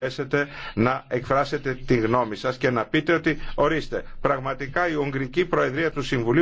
μπορέσετε να εκφράσετε τη γνώμη σας και να πείτε ότι ορίστε πραγματικά η Ουγγρική Προεδρία του Συμβουλίου